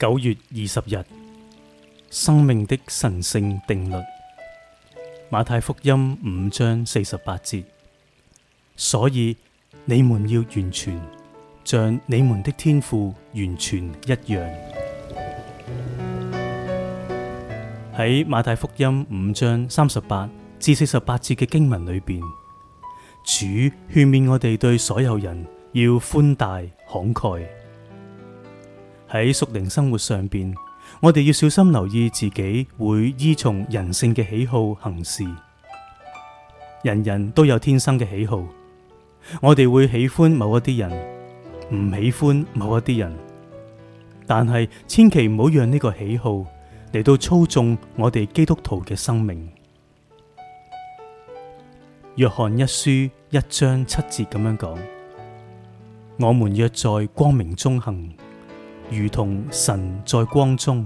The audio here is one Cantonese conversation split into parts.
九月二十日，生命的神聖定律，馬太福音五章四十八節。所以你們要完全，像你們的天父完全一樣。喺馬太福音五章三十八至四十八節嘅經文裏邊，主勸勉我哋對所有人要寬大慷慨。喺屬靈生活上邊，我哋要小心留意自己會依從人性嘅喜好行事。人人都有天生嘅喜好，我哋會喜歡某一啲人，唔喜歡某一啲人。但係千祈唔好讓呢個喜好嚟到操縱我哋基督徒嘅生命。約翰一書一章七節咁樣講：我們若在光明中行。如同神在光中，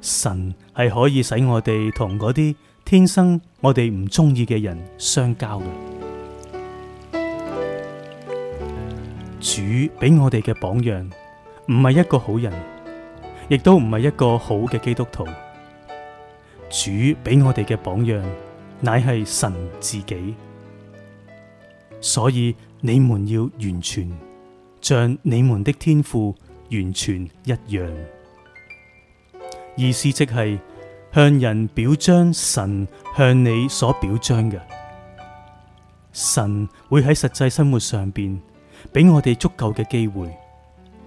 神係可以使我哋同嗰啲天生我哋唔中意嘅人相交嘅。主俾我哋嘅榜樣唔係一個好人，亦都唔係一個好嘅基督徒。主俾我哋嘅榜樣乃係神自己，所以你們要完全像你們的天父。完全一樣，意思即係向人表彰神向你所表彰嘅。神會喺實際生活上邊俾我哋足夠嘅機會，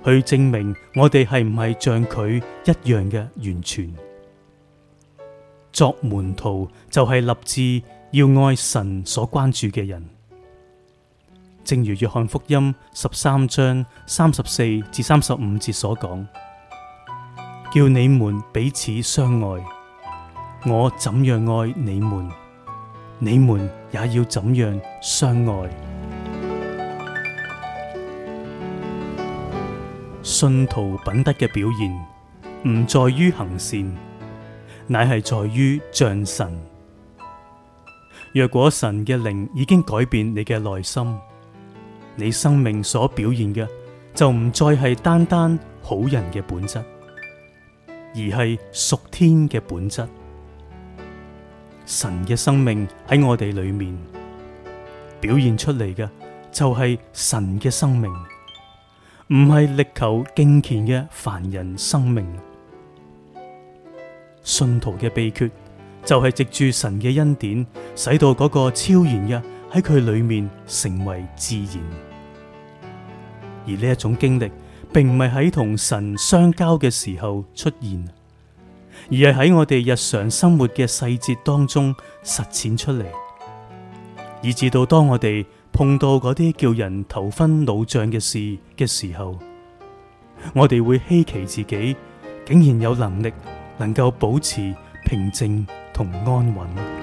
去證明我哋係唔係像佢一樣嘅完全。作門徒就係立志要愛神所關注嘅人。正如約翰福音十三章三十四至三十五節所講，叫你們彼此相愛。我怎樣愛你們，你們也要怎樣相愛。信徒品德嘅表現唔在於行善，乃係在於象神。若果神嘅靈已經改變你嘅內心。你生命所表現嘅就唔再係單單好人嘅本質，而係屬天嘅本質。神嘅生命喺我哋裏面表現出嚟嘅就係神嘅生命，唔係力求敬虔嘅凡人生命。信徒嘅秘訣就係、是、藉住神嘅恩典，使到嗰個超然嘅喺佢裏面成為自然。而呢一種經歷，並唔係喺同神相交嘅時候出現，而係喺我哋日常生活嘅細節當中實踐出嚟。以至到當我哋碰到嗰啲叫人頭昏腦脹嘅事嘅時候，我哋會稀奇自己竟然有能力能夠保持平靜同安穩。